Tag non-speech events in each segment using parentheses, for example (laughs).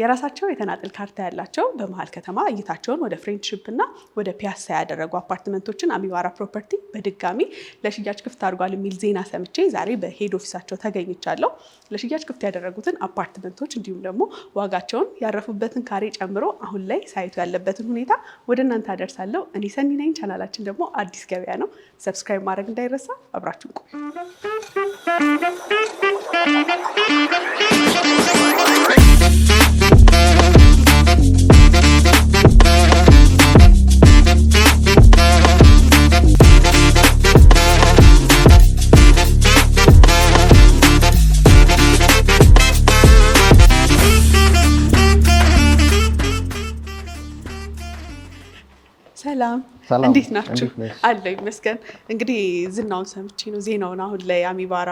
የራሳቸው የተናጠል ካርታ ያላቸው በመሀል ከተማ እይታቸውን ወደ ፍሬንድሽፕ እና ወደ ፒያሳ ያደረጉ አፓርትመንቶችን አሚዋራ ፕሮፐርቲ በድጋሚ ለሽያጭ ክፍት አድርጓል የሚል ዜና ሰምቼ ዛሬ በሄድ ኦፊሳቸው ተገኝቻለሁ። ለሽያጭ ክፍት ያደረጉትን አፓርትመንቶች እንዲሁም ደግሞ ዋጋቸውን ያረፉበትን ካሬ ጨምሮ አሁን ላይ ሳይቱ ያለበትን ሁኔታ ወደ እናንተ አደርሳለሁ። እኔ ሰኒ ነኝ። ቻናላችን ደግሞ አዲስ ገበያ ነው። ሰብስክራይብ ማድረግ እንዳይረሳ። አብራችን ቆይ። Thank you. ሰላም እንዴት ናችሁ? አለው ይመስገን። እንግዲህ ዝናውን ሰምቼ ነው ዜናውን አሁን ላይ አሚባራ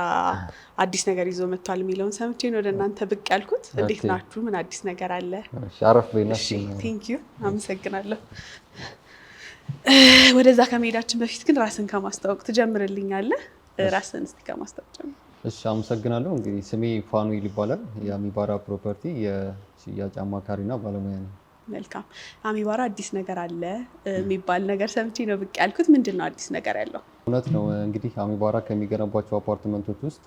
አዲስ ነገር ይዞ መጥቷል የሚለውን ሰምቼ ነው ወደ እናንተ ብቅ ያልኩት። እንዴት ናችሁ? ምን አዲስ ነገር አለ? አረፍ ቴንክ ዩ አመሰግናለሁ። ወደዛ ከመሄዳችን በፊት ግን ራስን ከማስታወቅ ትጀምርልኛለህ። ራስን እስኪ ከማስታወቅ ጀምር። እሺ አመሰግናለሁ። እንግዲህ ስሜ ፋኑኤል ይባላል። የአሚባራ ፕሮፐርቲ የሽያጭ አማካሪና ባለሙያ ነው። መልካም አሚባራ አዲስ ነገር አለ የሚባል ነገር ሰምቼ ነው ብቅ ያልኩት። ምንድን ነው አዲስ ነገር ያለው? እውነት ነው እንግዲህ አሚባራ ከሚገነባቸው አፓርትመንቶች ውስጥ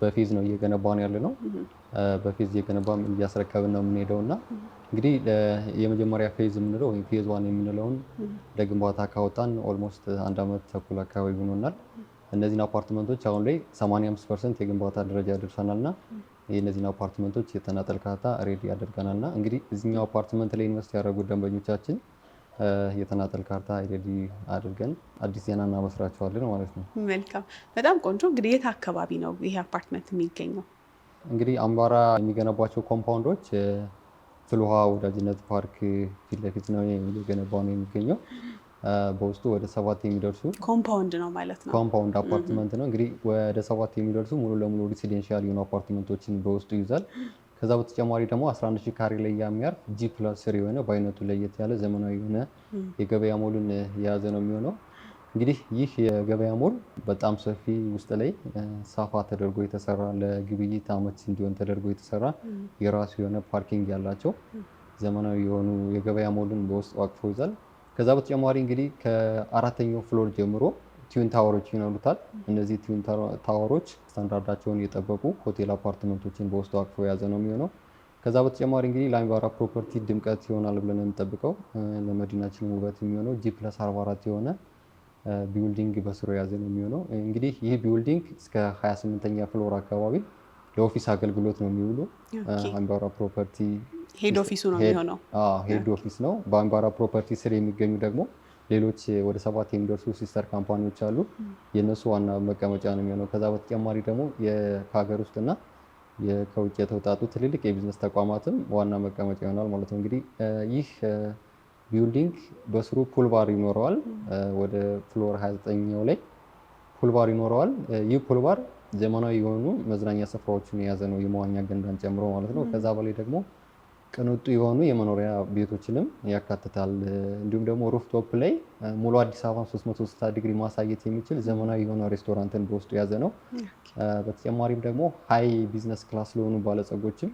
በፌዝ ነው እየገነባ ነው ያለ ነው። በፌዝ እየገነባ እያስረከብን ነው የምንሄደው እና እንግዲህ የመጀመሪያ ፌዝ የምንለው ወይም ፌዝ ዋን የምንለውን ለግንባታ ካወጣን ኦልሞስት አንድ ዓመት ተኩል አካባቢ ሆኖናል። እነዚህን አፓርትመንቶች አሁን ላይ 85 ፐርሰንት የግንባታ ደረጃ ደርሰናል እና የእነዚህን አፓርትመንቶች የተናጠል ካርታ ሬዲ ያደርገናል እና እንግዲህ እዚኛው አፓርትመንት ላይ ኢንቨስት ያደረጉት ደንበኞቻችን የተናጠል ካርታ ሬዲ አድርገን አዲስ ዜና እናበስራቸዋለን ማለት ነው። መልካም፣ በጣም ቆንጆ። እንግዲህ የት አካባቢ ነው ይሄ አፓርትመንት የሚገኘው? እንግዲህ አምባራ የሚገነቧቸው ኮምፓውንዶች ፍልውሃ ወዳጅነት ፓርክ ፊት ለፊት ነው የገነባው ነው የሚገኘው በውስጡ ወደ ሰባት የሚደርሱ ኮምፓውንድ ነው ማለት ነው። ኮምፓውንድ አፓርትመንት ነው እንግዲህ ወደ ሰባት የሚደርሱ ሙሉ ለሙሉ ሪሲደንሻል የሆኑ አፓርትመንቶችን በውስጡ ይይዛል። ከዛ በተጨማሪ ደግሞ 11 ሺህ ካሬ ላይ የሚያርፍ ጂ ፕላስ ስር የሆነ በአይነቱ ለየት ያለ ዘመናዊ የሆነ የገበያ ሞልን የያዘ ነው የሚሆነው። እንግዲህ ይህ የገበያ ሞል በጣም ሰፊ ውስጥ ላይ ሳፋ ተደርጎ የተሰራ ለግብይት አመች እንዲሆን ተደርጎ የተሰራ የራሱ የሆነ ፓርኪንግ ያላቸው ዘመናዊ የሆኑ የገበያ ሞልን በውስጥ አቅፎ ይዛል። ከዛ በተጨማሪ እንግዲህ ከአራተኛው ፍሎር ጀምሮ ቲዩን ታወሮች ይኖሩታል። እነዚህ ቲዩን ታወሮች ስታንዳርዳቸውን የጠበቁ ሆቴል አፓርትመንቶችን በውስጡ አቅፎ የያዘ ነው የሚሆነው። ከዛ በተጨማሪ እንግዲህ ለአሚባራ ፕሮፐርቲ ድምቀት ይሆናል ብለን የምንጠብቀው ለመዲናችን ውበት የሚሆነው ጂ ፕለስ 44 የሆነ ቢውልዲንግ በስሩ የያዘ ነው የሚሆነው። እንግዲህ ይህ ቢውልዲንግ እስከ 28ኛ ፍሎር አካባቢ ለኦፊስ አገልግሎት ነው የሚውሉ አሚባራ ፕሮፐርቲ ሄድ ኦፊሱ ነው የሚሆነው። ሄድ ኦፊስ ነው። በአንባራ ፕሮፐርቲ ስር የሚገኙ ደግሞ ሌሎች ወደ ሰባት የሚደርሱ ሲስተር ካምፓኒዎች አሉ። የእነሱ ዋና መቀመጫ ነው የሚሆነው። ከዛ በተጨማሪ ደግሞ ከሀገር ውስጥና ከውጭ የተውጣጡ ትልልቅ የቢዝነስ ተቋማትም ዋና መቀመጫ ይሆናል ማለት ነው። እንግዲህ ይህ ቢልዲንግ በስሩ ፑል ይኖረዋል። ወደ ፍሎር 29ኛው ላይ ፑል ይኖረዋል። ይህ ፑል ዘመናዊ የሆኑ መዝናኛ ስፍራዎችን የያዘ ነው፣ የመዋኛ ገንዳን ጨምሮ ማለት ነው። ከዛ በላይ ደግሞ ቅንጡ የሆኑ የመኖሪያ ቤቶችንም ያካትታል። እንዲሁም ደግሞ ሩፍቶፕ ላይ ሙሉ አዲስ አበባ 360 ዲግሪ ማሳየት የሚችል ዘመናዊ የሆነ ሬስቶራንትን በውስጡ የያዘ ነው። በተጨማሪም ደግሞ ሀይ ቢዝነስ ክላስ ለሆኑ ባለጸጎችም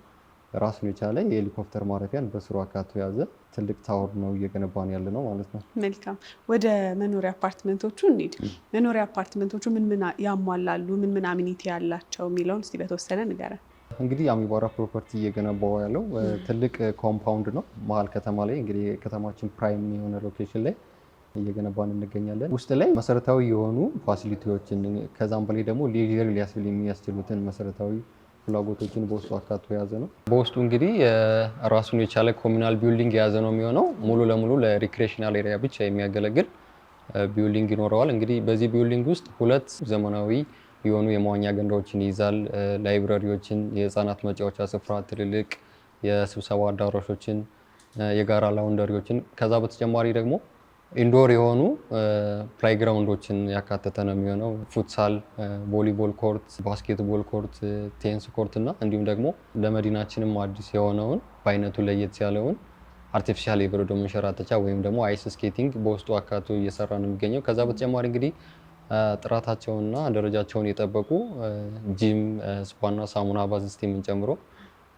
ራሱን የቻለ የሄሊኮፕተር ማረፊያን በስሩ አካቶ የያዘ ትልቅ ታወር ነው እየገነባን ያለ ነው ማለት ነው። መልካም ወደ መኖሪያ አፓርትመንቶቹ እንሂድ። መኖሪያ አፓርትመንቶቹ ምን ምን ያሟላሉ፣ ምን ምን አሚኒቲ ያላቸው የሚለውን እስኪ በተወሰነ ንገረን። እንግዲህ አሚባራ ፕሮፐርቲ እየገነባው ያለው ትልቅ ኮምፓውንድ ነው። መሀል ከተማ ላይ እንግዲህ ከተማችን ፕራይም የሆነ ሎኬሽን ላይ እየገነባን እንገኛለን። ውስጥ ላይ መሰረታዊ የሆኑ ፋሲሊቲዎችን ከዛም በላይ ደግሞ ሌዥር ሊያስብል የሚያስችሉትን መሰረታዊ ፍላጎቶችን በውስጡ አካቶ የያዘ ነው። በውስጡ እንግዲህ ራሱን የቻለ ኮሚናል ቢውልዲንግ የያዘ ነው የሚሆነው ሙሉ ለሙሉ ለሪክሬሽናል ኤሪያ ብቻ የሚያገለግል ቢውልዲንግ ይኖረዋል። እንግዲህ በዚህ ቢውልዲንግ ውስጥ ሁለት ዘመናዊ የሆኑ የመዋኛ ገንዳዎችን ይይዛል። ላይብረሪዎችን፣ የህፃናት መጫወቻ ስፍራ፣ ትልልቅ የስብሰባ አዳራሾችን፣ የጋራ ላውንደሪዎችን ከዛ በተጨማሪ ደግሞ ኢንዶር የሆኑ ፕላይግራውንዶችን ያካተተ ነው የሚሆነው። ፉትሳል፣ ቮሊቦል ኮርት፣ ባስኬትቦል ኮርት፣ ቴንስ ኮርት እና እንዲሁም ደግሞ ለመዲናችንም አዲስ የሆነውን በአይነቱ ለየት ያለውን አርቲፊሻል የበረዶ መንሸራተቻ ወይም ደግሞ አይስ ስኬቲንግ በውስጡ አካቶ እየሰራ ነው የሚገኘው። ከዛ በተጨማሪ እንግዲህ ጥራታቸውንና ደረጃቸውን የጠበቁ ጂም፣ ስፓና ሳሙና ባዝ ስቲምን ጨምሮ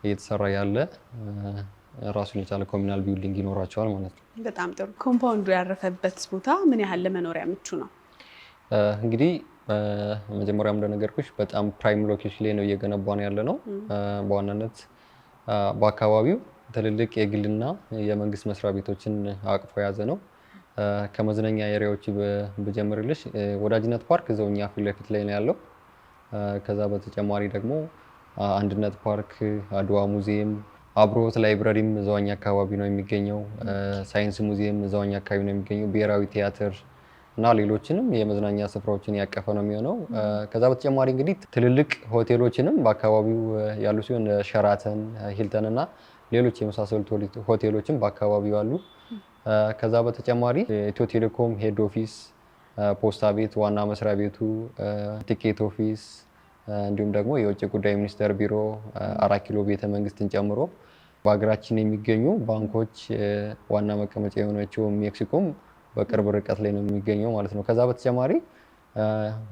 እየተሰራ ያለ ራሱን የቻለ ኮሚናል ቢውልዲንግ ይኖራቸዋል ማለት ነው። በጣም ጥሩ። ኮምፓውንዱ ያረፈበት ቦታ ምን ያህል ለመኖሪያ ምቹ ነው? እንግዲህ መጀመሪያም እንደነገርኩሽ በጣም ፕራይም ሎኬሽን ላይ ነው ነው ያለ ነው። በዋናነት በአካባቢው ትልልቅ የግልና የመንግስት መስሪያ ቤቶችን አቅፎ የያዘ ነው። ከመዝናኛ ኤሪያዎች ብጀምርልሽ ወዳጅነት ፓርክ እዛው እኛ ፊት ለፊት ላይ ነው ያለው። ከዛ በተጨማሪ ደግሞ አንድነት ፓርክ፣ አድዋ ሙዚየም፣ አብሮት ላይብረሪም እዛዋኛ አካባቢ ነው የሚገኘው። ሳይንስ ሙዚየም እዛዋኛ አካባቢ ነው የሚገኘው። ብሔራዊ ቲያትር እና ሌሎችንም የመዝናኛ ስፍራዎችን ያቀፈ ነው የሚሆነው። ከዛ በተጨማሪ እንግዲህ ትልልቅ ሆቴሎችንም በአካባቢው ያሉ ሲሆን ሸራተን፣ ሂልተን እና ሌሎች የመሳሰሉት ሆቴሎችም በአካባቢው አሉ። ከዛ በተጨማሪ ኢትዮ ቴሌኮም ሄድ ኦፊስ፣ ፖስታ ቤት ዋና መስሪያ ቤቱ፣ ቲኬት ኦፊስ እንዲሁም ደግሞ የውጭ ጉዳይ ሚኒስቴር ቢሮ አራት ኪሎ ቤተ መንግስትን ጨምሮ በሀገራችን የሚገኙ ባንኮች ዋና መቀመጫ የሆነችው ሜክሲኮም በቅርብ ርቀት ላይ ነው የሚገኘው ማለት ነው። ከዛ በተጨማሪ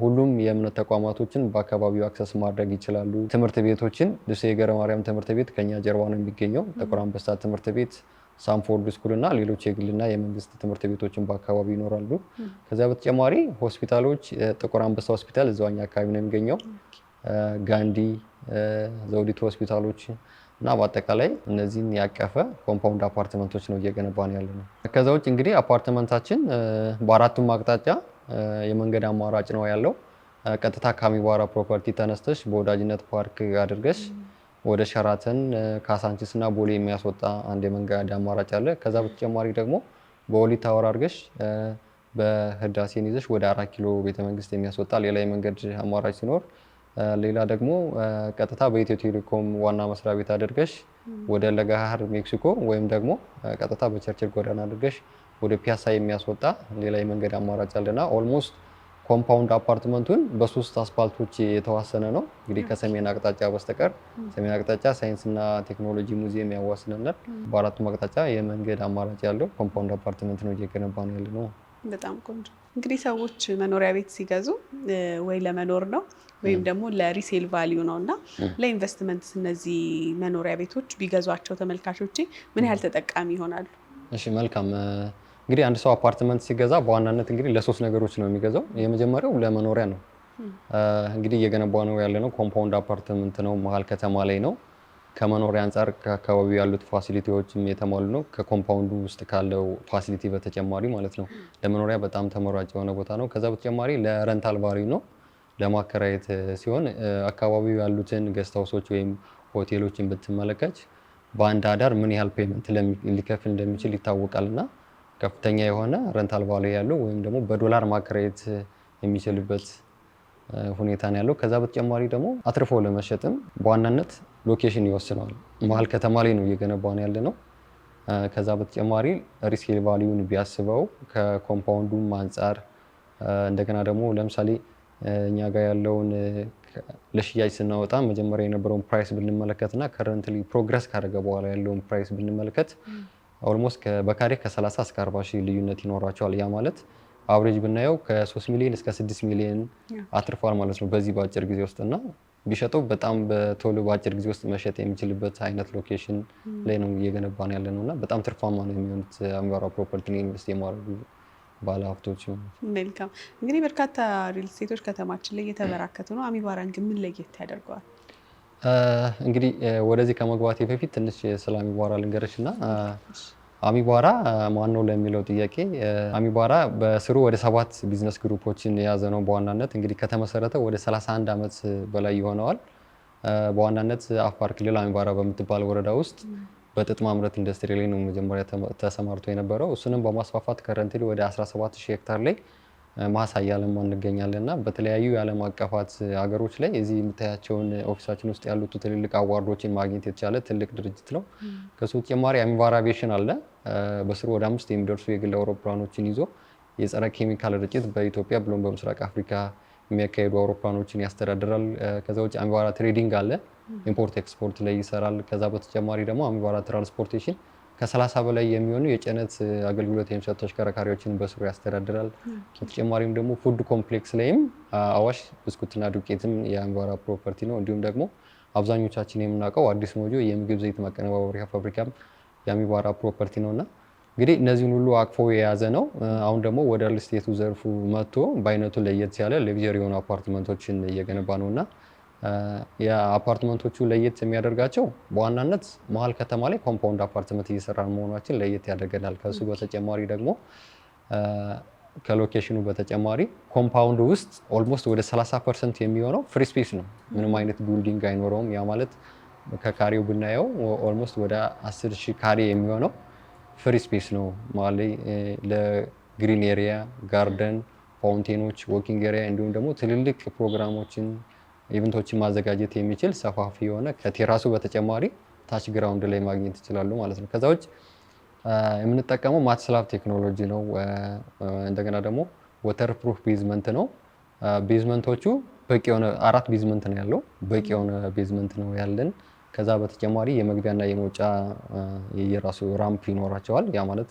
ሁሉም የእምነት ተቋማቶችን በአካባቢው አክሰስ ማድረግ ይችላሉ። ትምህርት ቤቶችን ልሴ ገብረ ማርያም ትምህርት ቤት ከኛ ጀርባ ነው የሚገኘው። ጥቁር አንበሳ ትምህርት ቤት ሳንፎርድ ስኩል እና ሌሎች የግልና የመንግስት ትምህርት ቤቶችን በአካባቢ ይኖራሉ። ከዚያ በተጨማሪ ሆስፒታሎች፣ ጥቁር አንበሳ ሆስፒታል እዛዋኛ አካባቢ ነው የሚገኘው፣ ጋንዲ፣ ዘውዲቱ ሆስፒታሎች እና በአጠቃላይ እነዚህን ያቀፈ ኮምፓውንድ አፓርትመንቶች ነው እየገነባ ያለ ነው። ከዛ ውጭ እንግዲህ አፓርትመንታችን በአራቱም አቅጣጫ የመንገድ አማራጭ ነው ያለው። ቀጥታ ካሚባራ ፕሮፐርቲ ተነስተሽ በወዳጅነት ፓርክ አድርገሽ ወደ ሸራተን ካሳንቺስ እና ቦሌ የሚያስወጣ አንድ የመንገድ አማራጭ አለ። ከዛ በተጨማሪ ደግሞ በወሊት ታወር አድርገሽ በህዳሴን ይዘሽ ወደ አራት ኪሎ ቤተመንግስት የሚያስወጣ ሌላ የመንገድ አማራጭ ሲኖር፣ ሌላ ደግሞ ቀጥታ በኢትዮ ቴሌኮም ዋና መስሪያ ቤት አድርገሽ ወደ ለጋሃር ሜክሲኮ ወይም ደግሞ ቀጥታ በቸርችል ጎዳና አድርገሽ ወደ ፒያሳ የሚያስወጣ ሌላ የመንገድ አማራጭ አለና ኦልሞስት ኮምፓውንድ አፓርትመንቱን በሶስት አስፓልቶች የተዋሰነ ነው። እንግዲህ ከሰሜን አቅጣጫ በስተቀር ሰሜን አቅጣጫ ሳይንስና ቴክኖሎጂ ሙዚየም ያዋስነናል። በአራቱም አቅጣጫ የመንገድ አማራጭ ያለው ኮምፓውንድ አፓርትመንት ነው እየገነባ ነው ያለ ነው። በጣም ቆንጆ። እንግዲህ ሰዎች መኖሪያ ቤት ሲገዙ ወይ ለመኖር ነው ወይም ደግሞ ለሪሴል ቫሊዩ ነው እና ለኢንቨስትመንት እነዚህ መኖሪያ ቤቶች ቢገዟቸው ተመልካቾች ምን ያህል ተጠቃሚ ይሆናሉ? እሺ መልካም እንግዲህ አንድ ሰው አፓርትመንት ሲገዛ በዋናነት እንግዲህ ለሶስት ነገሮች ነው የሚገዛው። የመጀመሪያው ለመኖሪያ ነው። እንግዲህ እየገነባ ነው ያለ ነው ኮምፓውንድ አፓርትመንት ነው፣ መሀል ከተማ ላይ ነው። ከመኖሪያ አንጻር ከአካባቢው ያሉት ፋሲሊቲዎችም የተሟሉ ነው። ከኮምፓውንዱ ውስጥ ካለው ፋሲሊቲ በተጨማሪ ማለት ነው። ለመኖሪያ በጣም ተመራጭ የሆነ ቦታ ነው። ከዛ በተጨማሪ ለረንታል ባሪ ነው፣ ለማከራየት ሲሆን አካባቢው ያሉትን ገስታውሶች ወይም ሆቴሎችን ብትመለከች በአንድ አዳር ምን ያህል ፔመንት ሊከፍል እንደሚችል ይታወቃል እና ከፍተኛ የሆነ ረንታል ቫሉ ያለው ወይም ደግሞ በዶላር ማከራየት የሚችልበት ሁኔታ ነው ያለው። ከዛ በተጨማሪ ደግሞ አትርፎ ለመሸጥም በዋናነት ሎኬሽን ይወስነዋል። መሀል ከተማ ላይ ነው እየገነባን ያለ ነው። ከዛ በተጨማሪ ሪስኬል ቫሊዩን ቢያስበው ከኮምፓውንዱም አንጻር እንደገና ደግሞ ለምሳሌ እኛ ጋር ያለውን ለሽያጭ ስናወጣ መጀመሪያ የነበረውን ፕራይስ ብንመለከትና ከረንትሊ ፕሮግረስ ካደረገ በኋላ ያለውን ፕራይስ ብንመለከት ኦልሞስት በካሬ ከ30 እስከ 40 ሺህ ልዩነት ይኖራቸዋል። ያ ማለት አብሬጅ ብናየው ከ3 ሚሊዮን እስከ 6 ሚሊዮን አትርፏል ማለት ነው በዚህ በአጭር ጊዜ ውስጥ እና ቢሸጠው በጣም በቶሎ በአጭር ጊዜ ውስጥ መሸጥ የሚችልበት አይነት ሎኬሽን ላይ ነው እየገነባን ያለ ነው እና በጣም ትርፋማ ነው የሚሆኑት አሚባራ ፕሮፐርቲ ኢንቨስት የማድረጉ ባለሀብቶች መልካም እንግዲህ በርካታ ሪል ስቴቶች ከተማችን ላይ እየተበራከቱ ነው አሚባራ ግን ምን ለየት ያደርገዋል እንግዲህ ወደዚህ ከመግባቴ በፊት ትንሽ ስለ አሚቧራ ልንገርሽ እና አሚቧራ ማን ነው ለሚለው ጥያቄ አሚቧራ በስሩ ወደ ሰባት ቢዝነስ ግሩፖችን የያዘ ነው። በዋናነት እንግዲህ ከተመሰረተ ወደ 31 ዓመት በላይ ይሆነዋል። በዋናነት አፋር ክልል አሚቧራ በምትባል ወረዳ ውስጥ በጥጥ ማምረት ኢንዱስትሪ ላይ ነው መጀመሪያ ተሰማርቶ የነበረው። እሱንም በማስፋፋት ከረንትሊ ወደ 17000 ሄክታር ላይ ማሳያ ለማ እንገኛለን እና በተለያዩ የዓለም አቀፋት ሀገሮች ላይ የዚህ የምታያቸውን ኦፊሳችን ውስጥ ያሉት ትልልቅ አዋርዶችን ማግኘት የተቻለ ትልቅ ድርጅት ነው። ከሱ ተጨማሪ አሚባራ አቪዬሽን አለ። በስሩ ወደ አምስት የሚደርሱ የግል አውሮፕላኖችን ይዞ የጸረ ኬሚካል ርጭት በኢትዮጵያ ብሎም በምስራቅ አፍሪካ የሚያካሄዱ አውሮፕላኖችን ያስተዳድራል። ከዛ ውጭ አሚባራ ትሬዲንግ አለ፣ ኢምፖርት ኤክስፖርት ላይ ይሰራል። ከዛ በተጨማሪ ደግሞ አሚቫራ ትራንስፖርቴሽን ከሰላሳ በላይ የሚሆኑ የጭነት አገልግሎት የሚሰጡ ተሽከርካሪዎችን በስሩ ያስተዳድራል። በተጨማሪም ደግሞ ፉድ ኮምፕሌክስ ላይም አዋሽ ብስኩትና ዱቄትም የአንጓራ ፕሮፐርቲ ነው። እንዲሁም ደግሞ አብዛኞቻችን የምናውቀው አዲስ ሞጆ የምግብ ዘይት ማቀነባበሪያ ፋብሪካም የአሚባራ ፕሮፐርቲ ነው እና እንግዲህ እነዚህን ሁሉ አቅፎ የያዘ ነው። አሁን ደግሞ ወደ ሪል ስቴቱ ዘርፉ መጥቶ በአይነቱ ለየት ያለ ሌክዠሪ የሆኑ አፓርትመንቶችን እየገነባ ነው እና የአፓርትመንቶቹ ለየት የሚያደርጋቸው በዋናነት መሀል ከተማ ላይ ኮምፓውንድ አፓርትመንት እየሰራን መሆናችን ለየት ያደርገናል። ከሱ በተጨማሪ ደግሞ ከሎኬሽኑ በተጨማሪ ኮምፓውንድ ውስጥ ኦልሞስት ወደ 30 ፐርሰንት የሚሆነው ፍሪ ስፔስ ነው። ምንም አይነት ቢልዲንግ አይኖረውም። ያ ማለት ከካሬው ብናየው ኦልሞስት ወደ 10 ሺህ ካሬ የሚሆነው ፍሪ ስፔስ ነው ለግሪን ኤሪያ፣ ጋርደን፣ ፋውንቴኖች፣ ዎኪንግ ኤሪያ እንዲሁም ደግሞ ትልልቅ ፕሮግራሞችን ኢቨንቶችን ማዘጋጀት የሚችል ሰፋፊ የሆነ ከቴራሱ በተጨማሪ ታች ግራውንድ ላይ ማግኘት ይችላሉ ማለት ነው። ከዛ ውጭ የምንጠቀመው ማትስላብ ቴክኖሎጂ ነው። እንደገና ደግሞ ወተር ፕሩፍ ቤዝመንት ነው። ቤዝመንቶቹ በቂ የሆነ አራት ቤዝመንት ነው ያለው፣ በቂ የሆነ ቤዝመንት ነው ያለን። ከዛ በተጨማሪ የመግቢያና የመውጫ የራሱ ራምፕ ይኖራቸዋል። ያ ማለት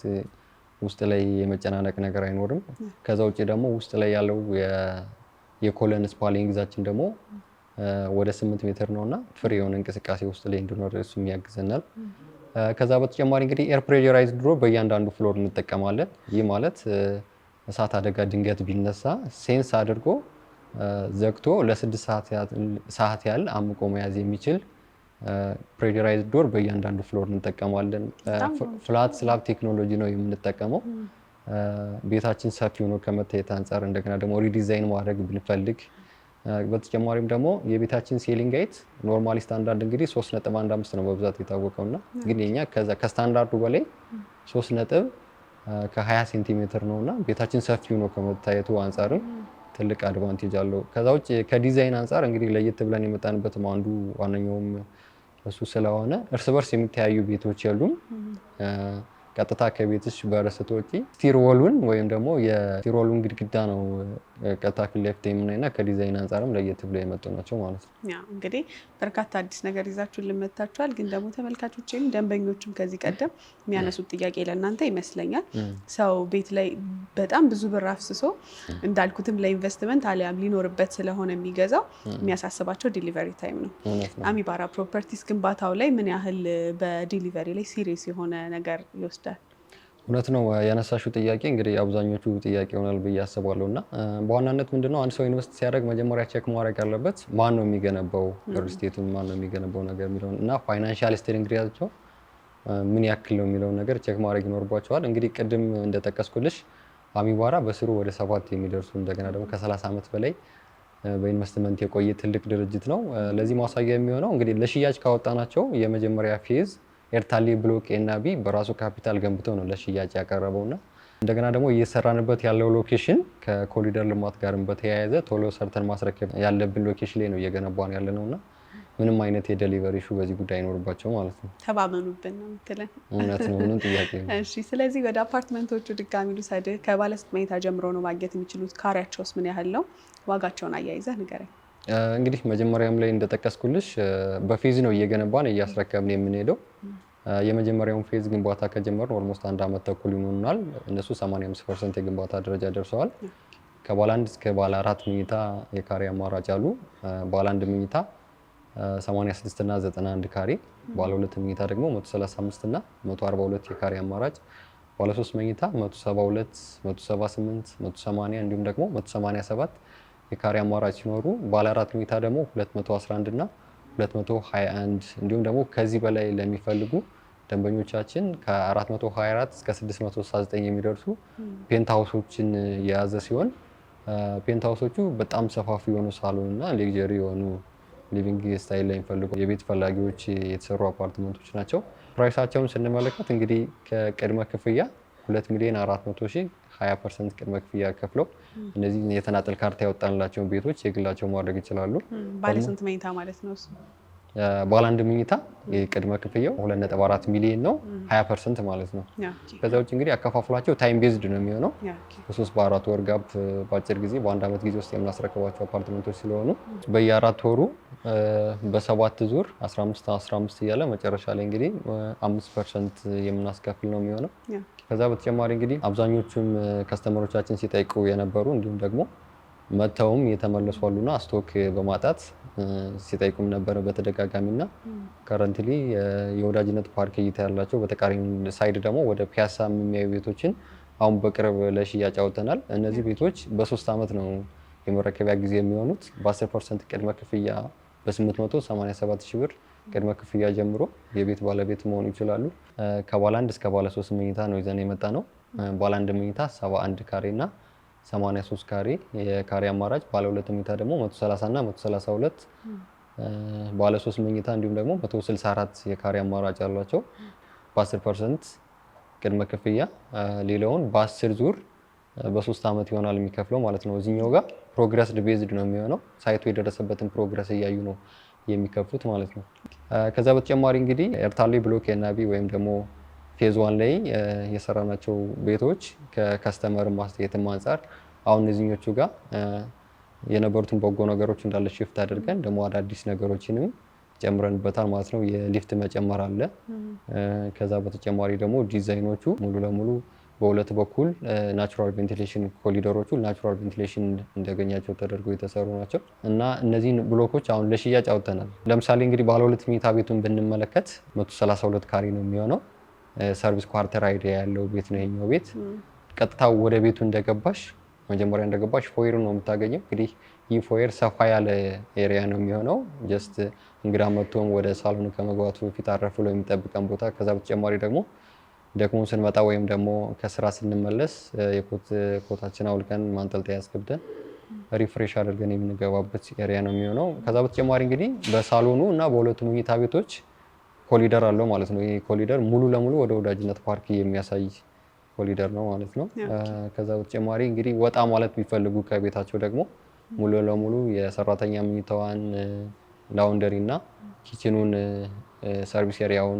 ውስጥ ላይ የመጨናነቅ ነገር አይኖርም። ከዛ ውጭ ደግሞ ውስጥ ላይ ያለው የኮለን ስፓሊንግ ግዛችን ደግሞ ወደ ስምንት ሜትር ነው እና ፍሬ የሆነ እንቅስቃሴ ውስጥ ላይ እንድኖር እሱም ያግዘናል። ከዛ በተጨማሪ እንግዲህ ኤር ፕሬራይዝ ድሮ በእያንዳንዱ ፍሎር እንጠቀማለን። ይህ ማለት እሳት አደጋ ድንገት ቢነሳ ሴንስ አድርጎ ዘግቶ ለስድስት ሰዓት ያህል አምቆ መያዝ የሚችል ፕሬራይዝ ዶር በእያንዳንዱ ፍሎር እንጠቀማለን። ፍላት ስላብ ቴክኖሎጂ ነው የምንጠቀመው። ቤታችን ሰፊ ሆኖ ከመታየት አንጻር እንደገና ደግሞ ሪዲዛይን ማድረግ ብንፈልግ በተጨማሪም ደግሞ የቤታችን ሴሊንግ አይት ኖርማሊ ስታንዳርድ እንግዲህ አምስት ነው በብዛት የታወቀው እና ግን የኛ ከስታንዳርዱ በላይ 3 ነጥብ ከ20 ሴንቲሜትር ነው እና ቤታችን ሰፊ ሆኖ ከመታየቱ አንጻርም ትልቅ አድቫንቴጅ አለው። ከዛ ውጭ ከዲዛይን አንጻር እንግዲህ ለየት ብለን የመጣንበትም አንዱ ዋነኛውም እሱ ስለሆነ እርስ በርስ የሚተያዩ ቤቶች የሉም። ቀጥታ ከቤትሽ በረስት ወጪ ስቲሮሉን ወይም ደግሞ የስቲሮሉን ግድግዳ ነው ከታክል ሌፍት የምናይና ከዲዛይን አንጻርም ለየት ብሎ የመጡ ናቸው ማለት ነው። ያው እንግዲህ በርካታ አዲስ ነገር ይዛችሁን ልመታችኋል። ግን ደግሞ ተመልካቾችም ደንበኞችም ከዚህ ቀደም የሚያነሱት ጥያቄ ለእናንተ ይመስለኛል ሰው ቤት ላይ በጣም ብዙ ብር አፍስሶ እንዳልኩትም ለኢንቨስትመንት አሊያም ሊኖርበት ስለሆነ የሚገዛው የሚያሳስባቸው ዲሊቨሪ ታይም ነው። አሚባራ ፕሮፐርቲስ ግንባታው ላይ ምን ያህል በዲሊቨሪ ላይ ሲሪየስ የሆነ ነገር ይወስዳል? እውነት ነው ያነሳሽው ጥያቄ እንግዲህ አብዛኞቹ ጥያቄ ይሆናል ብዬ አስባለሁ እና በዋናነት ምንድነው አንድ ሰው ኢንቨስት ሲያደርግ መጀመሪያ ቼክ ማድረግ ያለበት ማን ነው የሚገነባው ሪልስቴቱን ማን ነው የሚገነባው ነገር የሚለውን እና ፋይናንሻል ስቴሊንግ ምን ያክል ነው የሚለውን ነገር ቼክ ማድረግ ይኖርባቸዋል። እንግዲህ ቅድም እንደጠቀስኩልሽ አሚባራ በስሩ ወደ ሰባት የሚደርሱ እንደገና ደግሞ ከሰላሳ ዓመት በላይ በኢንቨስትመንት የቆየ ትልቅ ድርጅት ነው። ለዚህ ማሳያ የሚሆነው እንግዲህ ለሽያጭ ካወጣናቸው የመጀመሪያ ፌዝ ኤርታሊ ብሎክ ኤ ቢ በራሱ ካፒታል ገንብቶ ነው ለሽያጭ ያቀረበው ና እንደገና ደግሞ እየሰራንበት ያለው ሎኬሽን ከኮሪደር ልማት ጋርም በተያያዘ ቶሎ ሰርተን ማስረከብ ያለብን ሎኬሽን ላይ ነው እየገነባን ያለ ነው እና ምንም አይነት የደሊቨሪ ሹ በዚህ ጉዳይ አይኖርባቸው ማለት ነው። ተማመኑብን ነው የምትለን? እውነት ነው፣ ምንም ጥያቄ ነው። እሺ፣ ስለዚህ ወደ አፓርትመንቶቹ ድጋሚ ልውሰድህ። ከባለስት መኝታ ጀምሮ ነው ማግኘት የሚችሉት። ካሪያቸውስ ምን ያህል ነው? ዋጋቸውን አያይዘህ ንገረኝ። እንግዲህ መጀመሪያም ላይ እንደጠቀስኩልሽ በፌዝ ነው እየገነባን እያስረከብን የምንሄደው። የመጀመሪያውን ፌዝ ግንባታ ከጀመርን ኦልሞስት አንድ አመት ተኩል ይሆኑናል። እነሱ 85 ፐርሰንት የግንባታ ደረጃ ደርሰዋል። ከባለ አንድ እስከ ባለ አራት መኝታ የካሬ አማራጭ አሉ። ባለ አንድ መኝታ 86 እና 91 ካሬ፣ ባለ ሁለት ምኝታ ደግሞ 135 እና 142 የካሬ አማራጭ፣ ባለ ሶስት መኝታ 172፣ 178፣ 180 እንዲሁም ደግሞ 187 የካሬ አማራጭ ሲኖሩ ባለ አራት መኝታ ደግሞ 211 እና 221 እንዲሁም ደግሞ ከዚህ በላይ ለሚፈልጉ ደንበኞቻችን ከ424 እስከ 669 የሚደርሱ ፔንትሃውሶችን ሀውሶችን የያዘ ሲሆን ፔንትሃውሶቹ በጣም ሰፋፊ የሆኑ ሳሎን እና ሌግጀሪ የሆኑ ሊቪንግ ስታይል ለሚፈልጉ የቤት ፈላጊዎች የተሰሩ አፓርትመንቶች ናቸው። ፕራይሳቸውን ስንመለከት እንግዲህ ከቅድመ ክፍያ 2 ሚሊዮን 400 ሺህ 20 ፐርሰንት ቅድመ ክፍያ ከፍለው እነዚህ የተናጠል ካርታ ያወጣንላቸውን ቤቶች የግላቸው ማድረግ ይችላሉ። ባለስንት መኝታ ማለት ነው? ባለ አንድ መኝታ የቅድመ ክፍያው 2.4 ሚሊዮን ነው፣ 20 ፐርሰንት ማለት ነው። ከዛ ውጭ እንግዲህ አከፋፍሏቸው ታይም ቤዝድ ነው የሚሆነው። በሶስት በአራት ወር ጋፕ በአጭር ጊዜ በአንድ ዓመት ጊዜ ውስጥ የምናስረክባቸው አፓርትመንቶች ስለሆኑ በየአራት ወሩ በሰባት ዙር 15 15 እያለ መጨረሻ ላይ እንግዲህ አምስት ፐርሰንት የምናስከፍል ነው የሚሆነው። ከዛ በተጨማሪ እንግዲህ አብዛኞቹም ከስተመሮቻችን ሲጠይቁ የነበሩ እንዲሁም ደግሞ መተውም የተመለሱ አሉና ስቶክ በማጣት ሲጠይቁም ነበረ በተደጋጋሚና ከረንትሊ የወዳጅነት ፓርክ እይታ ያላቸው በተቃሪ ሳይድ ደግሞ ወደ ፒያሳ የሚያዩ ቤቶችን አሁን በቅርብ ለሽያጭ አውጥተናል። እነዚህ ቤቶች በሶስት ዓመት ነው የመረከቢያ ጊዜ የሚሆኑት በ10 ፐርሰንት ቅድመ ክፍያ በ887 ሺህ ብር ቅድመ ክፍያ ጀምሮ የቤት ባለቤት መሆን ይችላሉ። ከባለ አንድ እስከ ባለ ሶስት መኝታ ነው ይዘን የመጣ ነው። ባለ አንድ መኝታ 71 ካሬ እና 83 ካሬ የካሬ አማራጭ፣ ባለ ሁለት መኝታ ደግሞ 130 እና 132፣ ባለ ሶስት መኝታ እንዲሁም ደግሞ 164 የካሬ አማራጭ አሏቸው በ10 ፐርሰንት ቅድመ ክፍያ ሌላውን በ10 ዙር በሶስት ዓመት ይሆናል የሚከፍለው ማለት ነው እዚህኛው ጋር ፕሮግረስ ቤዝድ ነው የሚሆነው። ሳይቱ የደረሰበትን ፕሮግረስ እያዩ ነው የሚከፉት ማለት ነው። ከዛ በተጨማሪ እንግዲህ ኤርታሌ ብሎክ የናቢ ወይም ደግሞ ፌዝ ዋን ላይ የሰራናቸው ቤቶች ከከስተመር ማስተያየትም አንጻር አሁን እነዚህኞቹ ጋር የነበሩትን በጎ ነገሮች እንዳለ ሽፍት አድርገን ደግሞ አዳዲስ ነገሮችንም ጨምረንበታል ማለት ነው። የሊፍት መጨመር አለ። ከዛ በተጨማሪ ደግሞ ዲዛይኖቹ ሙሉ ለሙሉ በሁለት በኩል ናቹራል ቬንቲሌሽን ኮሊደሮቹ ናቹራል ቬንቲሌሽን እንዲያገኛቸው ተደርጎ የተሰሩ ናቸው እና እነዚህን ብሎኮች አሁን ለሽያጭ አውጥተናል። ለምሳሌ እንግዲህ ባለ ሁለት መኝታ ቤቱን ብንመለከት 132 ካሬ ነው የሚሆነው። ሰርቪስ ኳርተር አይዲያ ያለው ቤት ነው ይሄኛው ቤት። ቀጥታ ወደ ቤቱ እንደገባሽ መጀመሪያ እንደገባሽ ፎየር ነው የምታገኘው። እንግዲህ ይህ ፎየር ሰፋ ያለ ኤሪያ ነው የሚሆነው። ጀስት እንግዳ መጥቶም ወደ ሳሎን ከመግባቱ በፊት አረፍ ብሎ የሚጠብቀን ቦታ። ከዛ በተጨማሪ ደግሞ ደግሞ ስንመጣ ወይም ደግሞ ከስራ ስንመለስ የኮት ኮታችን አውልቀን ማንጠልጠያ አስገብተን ሪፍሬሽ አድርገን የምንገባበት ኤሪያ ነው የሚሆነው። ከዛ በተጨማሪ እንግዲህ በሳሎኑ እና በሁለቱ መኝታ ቤቶች ኮሊደር አለው ማለት ነው። ይህ ኮሊደር ሙሉ ለሙሉ ወደ ወዳጅነት ፓርክ የሚያሳይ ኮሊደር ነው ማለት ነው። ከዛ በተጨማሪ እንግዲህ ወጣ ማለት ቢፈልጉ ከቤታቸው ደግሞ ሙሉ ለሙሉ የሰራተኛ መኝታዋን ላውንደሪ እና ኪችኑን ሰርቪስ ኤሪያውን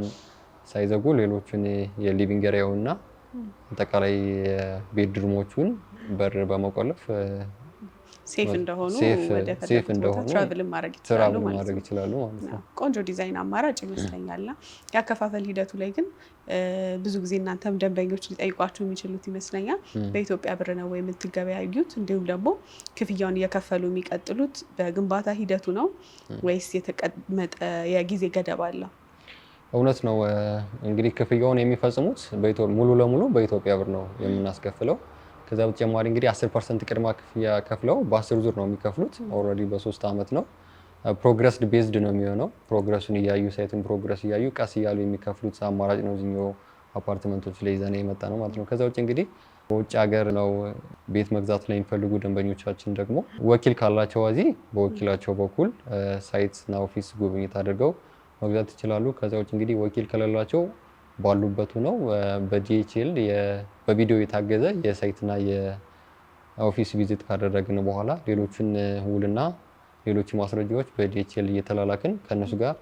ሳይዘጉ ሌሎቹን የሊቪንግ እና አጠቃላይ ቤድሩሞቹን በር በመቆለፍ ሴፍ እንደሆኑ ትራቭል ማድረግ ይችላሉ ማለት ነው። ቆንጆ ዲዛይን አማራጭ ይመስለኛልና የአከፋፈል ሂደቱ ላይ ግን ብዙ ጊዜ እናንተም ደንበኞች ሊጠይቋችሁ የሚችሉት ይመስለኛል። በኢትዮጵያ ብር ነው የምትገበያዩት? እንዲሁም ደግሞ ክፍያውን እየከፈሉ የሚቀጥሉት በግንባታ ሂደቱ ነው ወይስ የተቀመጠ የጊዜ ገደብ አለው? እውነት ነው እንግዲህ ክፍያውን የሚፈጽሙት ሙሉ ለሙሉ በኢትዮጵያ ብር ነው የምናስከፍለው። ከዛ በተጨማሪ እንግዲህ 10 ፐርሰንት ቅድማ ክፍያ ከፍለው በአስር ዙር ነው የሚከፍሉት። ኦልሬዲ በሶስት ዓመት ነው ፕሮግረስ ቤዝድ ነው የሚሆነው። ፕሮግረሱን እያዩ ሳይቱን ፕሮግረስ እያዩ ቀስ እያሉ የሚከፍሉት አማራጭ ነው ዝኞ አፓርትመንቶች ላይ ይዘን የመጣ ነው ማለት ነው። ከዛ ውጭ እንግዲህ በውጭ ሀገር ነው ቤት መግዛት ላይ የሚፈልጉ ደንበኞቻችን ደግሞ ወኪል ካላቸው እዚህ በወኪላቸው በኩል ሳይትና ኦፊስ ጉብኝት አድርገው መግዛት ይችላሉ። ከዚያ ውጭ እንግዲህ ወኪል ከሌላቸው ባሉበት ነው በጂኤችኤል በቪዲዮ የታገዘ የሳይትና የኦፊስ ቪዚት ካደረግን በኋላ ሌሎችን ውልና ሌሎች ማስረጃዎች በጂኤችኤል እየተላላክን ከእነሱ ጋር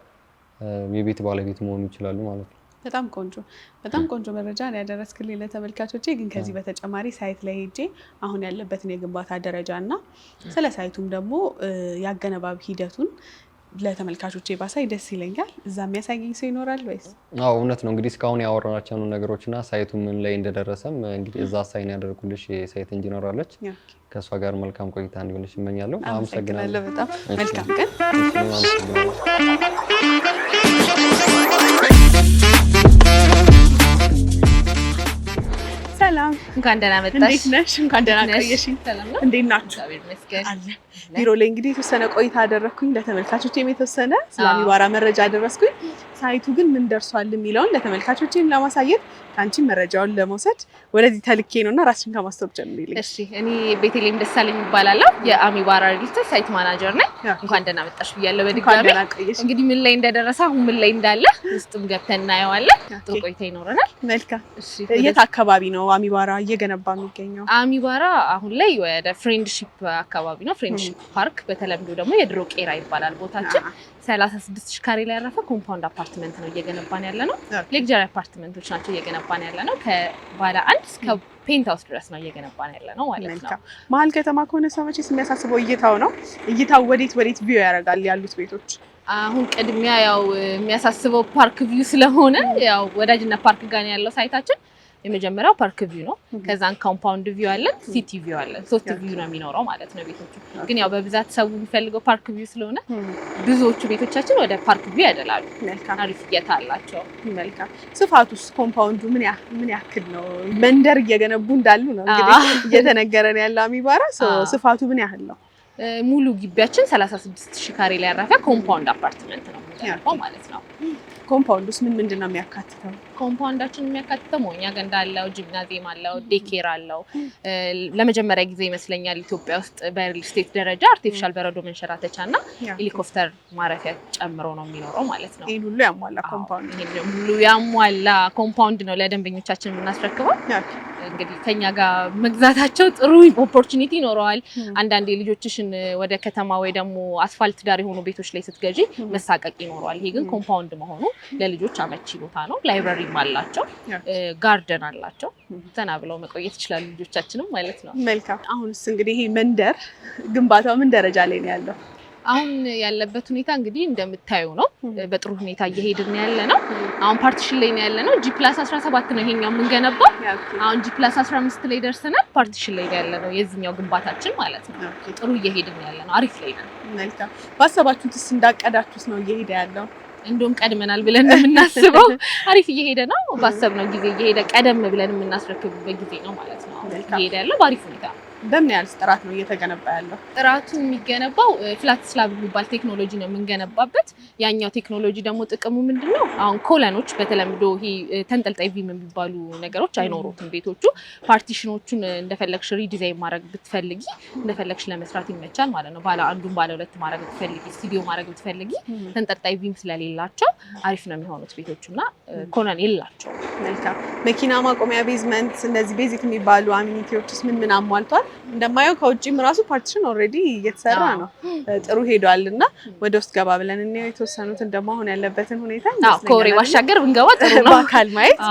የቤት ባለቤት መሆኑ ይችላሉ ማለት ነው። በጣም ቆንጆ በጣም ቆንጆ መረጃ ነው ያደረስክልኝ ለተመልካቾቼ። ግን ከዚህ በተጨማሪ ሳይት ላይ ሄጄ አሁን ያለበትን የግንባታ ደረጃ እና ስለ ሳይቱም ደግሞ የአገነባብ ሂደቱን ለተመልካቾች ባሳይ ደስ ይለኛል። እዛ የሚያሳየኝ ሰው ይኖራል ወይስ? አዎ እውነት ነው። እንግዲህ እስካሁን ያወራናቸውን ነገሮችና ሳይቱ ምን ላይ እንደደረሰም እንግዲህ እዛ ሳይን ያደርጉልሽ የሳይት ኢንጂነር አለች። ከእሷ ጋር መልካም ቆይታ እንዲሆንሽ እመኛለሁ። አመሰግናለሁ። በጣም መልካም ቀን ሰላም፣ እንኳን ደህና መጣሽ። እንዴት ነሽ? እንኳን ደህና ቆየሽኝ። እንዴት ናችሁ? ቢሮ ላይ እንግዲህ የተወሰነ ቆይታ አደረግኩኝ። ለተመልካቾችም የተወሰነ ስለ አሚባራ መረጃ አደረስኩኝ። ሳይቱ ግን ምን ደርሷል የሚለውን ለተመልካቾችም ለማሳየት ከአንቺ መረጃውን ለመውሰድ ወደዚህ ተልኬ ነው እና ራስሽን ከማስታወቅ ጀምሪ። እሺ፣ እኔ ቤቴሌም ደሳለኝ እባላለሁ። የአሚባራ ሪል ሳይት ማናጀር ነኝ። እንኳን ደህና መጣሽ ብያለሁ በድጋሚ። እንግዲህ ምን ላይ እንደደረሰ አሁን ምን ላይ እንዳለ ውስጥም ገብተን እናየዋለን። ጥሩ ቆይታ ይኖረናል። መልካም። የት አካባቢ ነው አሚባራ እየገነባ የሚገኘው? አሚባራ አሁን ላይ ወደ ፍሬንድሺፕ አካባቢ ነው፣ ፍሬንድሺፕ ፓርክ በተለምዶ ደግሞ የድሮ ቄራ ይባላል ቦታችን 36 ሺህ ካሬ ላይ ያረፈ ኮምፓውንድ አፓርትመንት ነው እየገነባን ያለ ነው። ሌክጀሪ አፓርትመንቶች ናቸው እየገነባን ያለ ነው። ከባለ አንድ እስከ ፔንታውስ ድረስ ነው እየገነባን ያለ ነው ማለት ነው። መሀል ከተማ ከሆነ ሰው መቼስ የሚያሳስበው እይታው ነው። እይታው ወዴት ወዴት ቪው ያደርጋል ያሉት ቤቶች አሁን ቅድሚያ ያው የሚያሳስበው ፓርክ ቪው ስለሆነ ያው ወዳጅነት ፓርክ ጋር ያለው ሳይታችን የመጀመሪያው ፓርክ ቪው ነው። ከዛን ካምፓውንድ ቪው አለን፣ ሲቲ ቪው አለን። ሶስት ቪው ነው የሚኖረው ማለት ነው ቤቶቹ። ግን ያው በብዛት ሰው የሚፈልገው ፓርክ ቪው ስለሆነ ብዙዎቹ ቤቶቻችን ወደ ፓርክ ቪው ያደላሉ። አሪፍ እይታ አላቸው። መልካም። ውስጥ ኮምፓውንዱ ምን ያክል ነው? መንደር እየገነቡ እንዳሉ ነው እንግዲህ እየተነገረን ያለው አሚባራ። ስፋቱ ምን ያህል ነው? ሙሉ ግቢያችን 36 ሺህ ካሬ ላይ ያረፈ ኮምፓውንድ አፓርትመንት ነው ማለት ነው። ኮምፓውንዱስ ምን ምንድን ነው የሚያካትተው? ኮምፓውንዳችን የሚያካትተው ሞኛ ገንዳ አለው፣ ጂምናዚየም አለው፣ ዴኬር አለው። ለመጀመሪያ ጊዜ ይመስለኛል ኢትዮጵያ ውስጥ በሪል ስቴት ደረጃ አርቲፊሻል በረዶ መንሸራተቻ እና ሄሊኮፕተር ማረፊያ ጨምሮ ነው የሚኖረው ማለት ነው። ይህን ሁሉ ያሟላ ኮምፓውንድ ይህን ሁሉ ያሟላ ኮምፓውንድ ነው ለደንበኞቻችን የምናስረክበው። እንግዲህ ከኛ ጋር መግዛታቸው ጥሩ ኦፖርቹኒቲ ይኖረዋል። አንዳንዴ ልጆችሽን ወደ ከተማ ወይ ደግሞ አስፋልት ዳር የሆኑ ቤቶች ላይ ስትገዢ መሳቀቅ ይኖረዋል። ይሄ ግን ኮምፓውንድ መሆኑ ለልጆች አመቺ ቦታ ነው። ላይብረሪም አላቸው፣ ጋርደን አላቸው። ዘና ብለው መቆየት ይችላሉ ልጆቻችንም ማለት ነው። መልካም። አሁንስ እንግዲህ ይሄ መንደር ግንባታው ምን ደረጃ ላይ ነው ያለው? አሁን ያለበት ሁኔታ እንግዲህ እንደምታዩ ነው። በጥሩ ሁኔታ እየሄድን ነው ያለ ነው። አሁን ፓርቲሽን ላይ ነው ያለ ነው። ጂ ፕላስ 17 ነው ይሄኛው የምንገነባው። አሁን ጂ ፕላስ 15 ላይ ደርሰናል። ፓርቲሽን ላይ ነው ያለ ነው የዚህኛው ግንባታችን ማለት ነው። ጥሩ እየሄድን ነው ያለ ነው። አሪፍ ላይ ነው። መልካም። ባሰባችሁትስ እንዳቀዳችሁት ነው እየሄደ ያለው? እንዲሁም ቀድመናል ብለን የምናስበው (laughs) አሪፍ እየሄደ ነው። ባሰብነው ጊዜ እየሄደ ቀደም ብለን የምናስረክብበት ጊዜ ነው ማለት ነው እየሄደ ያለው በአሪፍ ሁኔታ ነው። በምን ያህል ጥራት ነው እየተገነባ ያለው? ጥራቱ የሚገነባው ፍላት ስላብ የሚባል ቴክኖሎጂ ነው የምንገነባበት። ያኛው ቴክኖሎጂ ደግሞ ጥቅሙ ምንድን ነው? አሁን ኮለኖች በተለምዶ ይሄ ተንጠልጣይ ቪም የሚባሉ ነገሮች አይኖሩትም ቤቶቹ። ፓርቲሽኖቹን እንደፈለግሽ ሪዲዛይን ማድረግ ብትፈልጊ እንደፈለግሽ ለመስራት ይመቻል ማለት ነው። ባለ አንዱን ባለ ሁለት ማድረግ ብትፈልጊ፣ ስቱዲዮ ማድረግ ብትፈልጊ ተንጠልጣይ ቪም ስለሌላቸው አሪፍ ነው የሚሆኑት ቤቶቹ እና ኮለን የላቸው። መልካም መኪና ማቆሚያ ቤዝመንት፣ እነዚህ ቤዚክ የሚባሉ አሚኒቲዎችስ ምን ምን አሟልቷል? እንደማየው ከውጭም ራሱ ፓርቲሽን ኦልሬዲ እየተሰራ ነው። ጥሩ ሄዷል እና ወደ ውስጥ ገባ ብለን እኔ የተወሰኑትን ደግሞ አሁን ያለበትን ሁኔታ ከወሬ ባሻገር ብንገባ ጥሩ ነው በአካል ማየት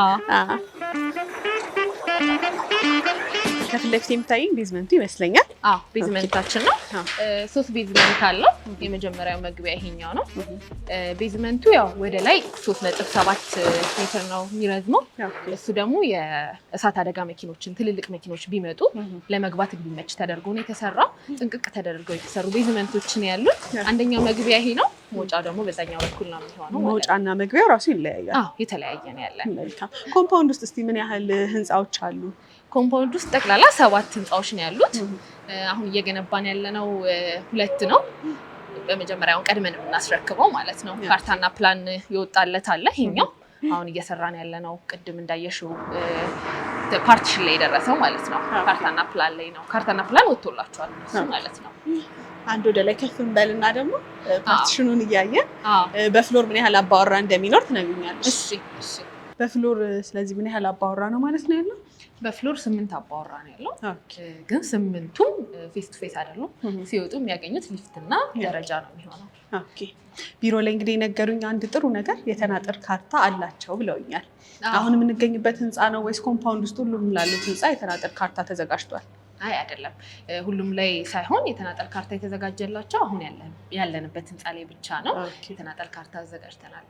ከፊት ለፊት የሚታየኝ ቤዝመንቱ ይመስለኛል። ቤዝመንታችን ነው። ሶስት ቤዝመንት አለው። የመጀመሪያው መግቢያ ይሄኛው ነው። ቤዝመንቱ ያው ወደ ላይ ሶስት ነጥብ ሰባት ሜትር ነው የሚረዝመው። እሱ ደግሞ የእሳት አደጋ መኪኖችን ትልልቅ መኪኖች ቢመጡ ለመግባት እንዲመች ተደርጎ ነው የተሰራ። ጥንቅቅ ተደርገው የተሰሩ ቤዝመንቶችን ያሉት። አንደኛው መግቢያ ይሄ ነው። መውጫው ደግሞ በዛኛው በኩል ነው የሚሆነው። መውጫና መግቢያው ራሱ ይለያያል። የተለያየ ነው ያለ። ኮምፓውንድ ውስጥ እስቲ ምን ያህል ህንፃዎች አሉ? ኮምፓውንድ ውስጥ ጠቅላላ ሰባት ህንፃዎች ነው ያሉት። አሁን እየገነባን ያለነው ሁለት ነው። በመጀመሪያውን ቀድመን የምናስረክበው ማለት ነው። ካርታና ፕላን ይወጣለት አለ። ይሄኛው አሁን እየሰራን ያለነው ቅድም እንዳየሽው ፓርቲሽን ላይ የደረሰው ማለት ነው። ካርታና ፕላን ላይ ነው። ካርታና ፕላን ወጥቶላቸዋል ማለት ነው። አንድ ወደ ላይ ከፍ እንበልና ደግሞ ፓርቲሽኑን እያየን በፍሎር ምን ያህል አባወራ እንደሚኖር ትነግኛለች። እሺ እሺ በፍሎር ስለዚህ ምን ያህል አባወራ ነው ማለት ነው ያለው? በፍሎር ስምንት አባወራ ነው ያለው። ግን ስምንቱም ፌስ ቱ ፌስ አይደሉም። ሲወጡ የሚያገኙት ሊፍትና ደረጃ ነው የሚሆነው። ቢሮ ላይ እንግዲህ የነገሩኝ አንድ ጥሩ ነገር የተናጠር ካርታ አላቸው ብለውኛል። አሁን የምንገኝበት ህንፃ ነው ወይስ ኮምፓውንድ ውስጥ ሁሉም ላሉት ህንፃ የተናጠር ካርታ ተዘጋጅቷል? አይ አይደለም፣ ሁሉም ላይ ሳይሆን የተናጠል ካርታ የተዘጋጀላቸው አሁን ያለንበት ህንፃ ላይ ብቻ ነው። የተናጠል ካርታ አዘጋጅተናል።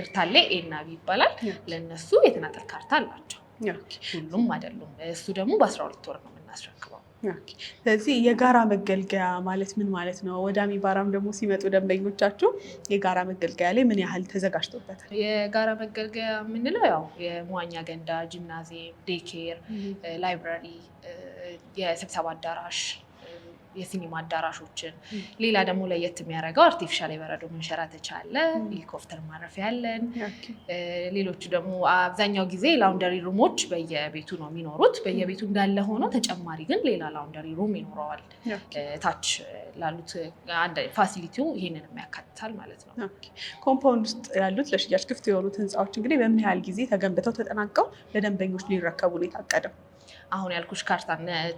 ኤርታሌ ኤና ይባላል። ለእነሱ የተናጠል ካርታ አላቸው፣ ሁሉም አይደሉም። እሱ ደግሞ በአስራ ሁለት ወር ነው የምናስረክበው። ስለዚህ የጋራ መገልገያ ማለት ምን ማለት ነው? ወደ አሚባራም ደግሞ ሲመጡ ደንበኞቻችሁ የጋራ መገልገያ ላይ ምን ያህል ተዘጋጅቶበታል? የጋራ መገልገያ የምንለው ያው የመዋኛ ገንዳ፣ ጂምናዚየም፣ ዴኬር፣ ላይብራሪ፣ የስብሰባ አዳራሽ የሲኒማ አዳራሾችን። ሌላ ደግሞ ለየት የሚያደርገው አርቲፊሻል የበረዶ መንሸራተቻ አለ፣ ሄሊኮፕተር ማረፊያ ያለን። ሌሎቹ ደግሞ አብዛኛው ጊዜ ላውንደሪ ሩሞች በየቤቱ ነው የሚኖሩት። በየቤቱ እንዳለ ሆኖ ተጨማሪ ግን ሌላ ላውንደሪ ሩም ይኖረዋል። ታች ላሉት ፋሲሊቲው ይህንን የሚያካትታል ማለት ነው። ኮምፓውንድ ውስጥ ያሉት ለሽያጭ ክፍት የሆኑት ህንፃዎች እንግዲህ በምን ያህል ጊዜ ተገንብተው ተጠናቀው ለደንበኞች ሊረከቡ ነው የታቀደው? አሁን ያልኩሽ ካርታ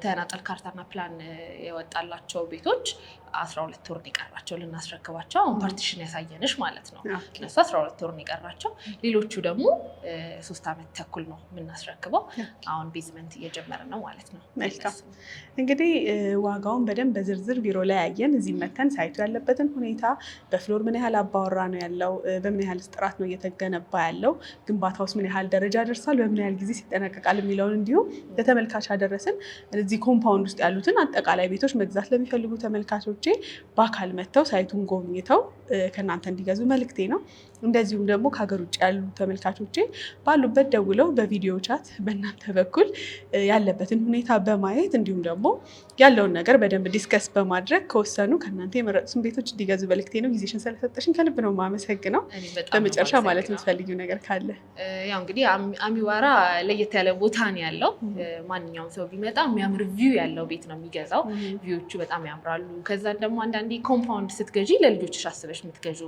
ተናጠል ካርታና ፕላን የወጣላቸው ቤቶች አስራ ሁለት ወር ይቀራቸው ልናስረክባቸው፣ አሁን ፓርቲሽን ያሳየንሽ ማለት ነው። እነሱ አስራ ሁለት ወር ይቀራቸው፣ ሌሎቹ ደግሞ ሶስት ዓመት ተኩል ነው የምናስረክበው። አሁን ቤዝመንት እየጀመረ ነው ማለት ነው። መልካም እንግዲህ ዋጋውን በደንብ በዝርዝር ቢሮ ላይ ያየን፣ እዚህ መተን ሳይቱ ያለበትን ሁኔታ በፍሎር ምን ያህል አባወራ ነው ያለው፣ በምን ያህል ጥራት ነው እየተገነባ ያለው፣ ግንባታውስ ምን ያህል ደረጃ ደርሷል፣ በምን ያህል ጊዜ ይጠናቀቃል የሚለውን እንዲሁም ተመልካች አደረስን። እዚህ ኮምፓውንድ ውስጥ ያሉትን አጠቃላይ ቤቶች መግዛት ለሚፈልጉ ተመልካቾቼ በአካል መጥተው ሳይቱን ጎብኝተው ከእናንተ እንዲገዙ መልክቴ ነው። እንደዚሁም ደግሞ ከሀገር ውጭ ያሉ ተመልካቾቼ ባሉበት ደውለው በቪዲዮ ቻት በእናንተ በኩል ያለበትን ሁኔታ በማየት እንዲሁም ደግሞ ያለውን ነገር በደንብ ዲስከስ በማድረግ ከወሰኑ ከእናንተ የመረጡትን ቤቶች እንዲገዙ በልክቴ ነው። ጊዜሽን ስለሰጠሽን ከልብ ነው የማመሰግነው። በመጨረሻ ማለት የምትፈልጊው ነገር ካለ? ያው እንግዲህ አሚዋራ ለየት ያለ ቦታ ነው ያለው። ማንኛውም ሰው ቢመጣ የሚያምር ቪው ያለው ቤት ነው የሚገዛው። ቪዎቹ በጣም ያምራሉ። ከዛን ደግሞ አንዳንዴ ኮምፓውንድ ስትገዢ ለልጆችሽ አስበሽ የምትገዢ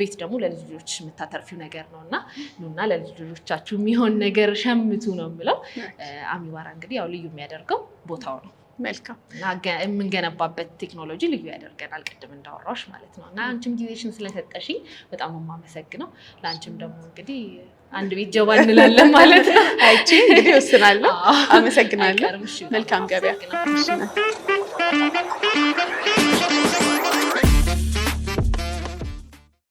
ቤት ደግሞ ለልጆች የምታተርፊው ነገር ነው እና ኑና ለልጆቻችሁ የሚሆን ነገር ሸምቱ ነው የምለው። አሚዋራ እንግዲህ ያው ልዩ የሚያደርገው ቦታው ነው። መልካም የምንገነባበት ቴክኖሎጂ ልዩ ያደርገናል። ቅድም እንዳወራሽ ማለት ነው እና አንቺም ጊዜሽን ስለሰጠሽ በጣም የማመሰግነው። ለአንቺም ደግሞ እንግዲህ አንድ ቤት ጀባ እንላለን ማለት ነው። (laughs) አይቺ እንግዲህ ወስናለሁ። አመሰግናለሁ። መልካም ገበያ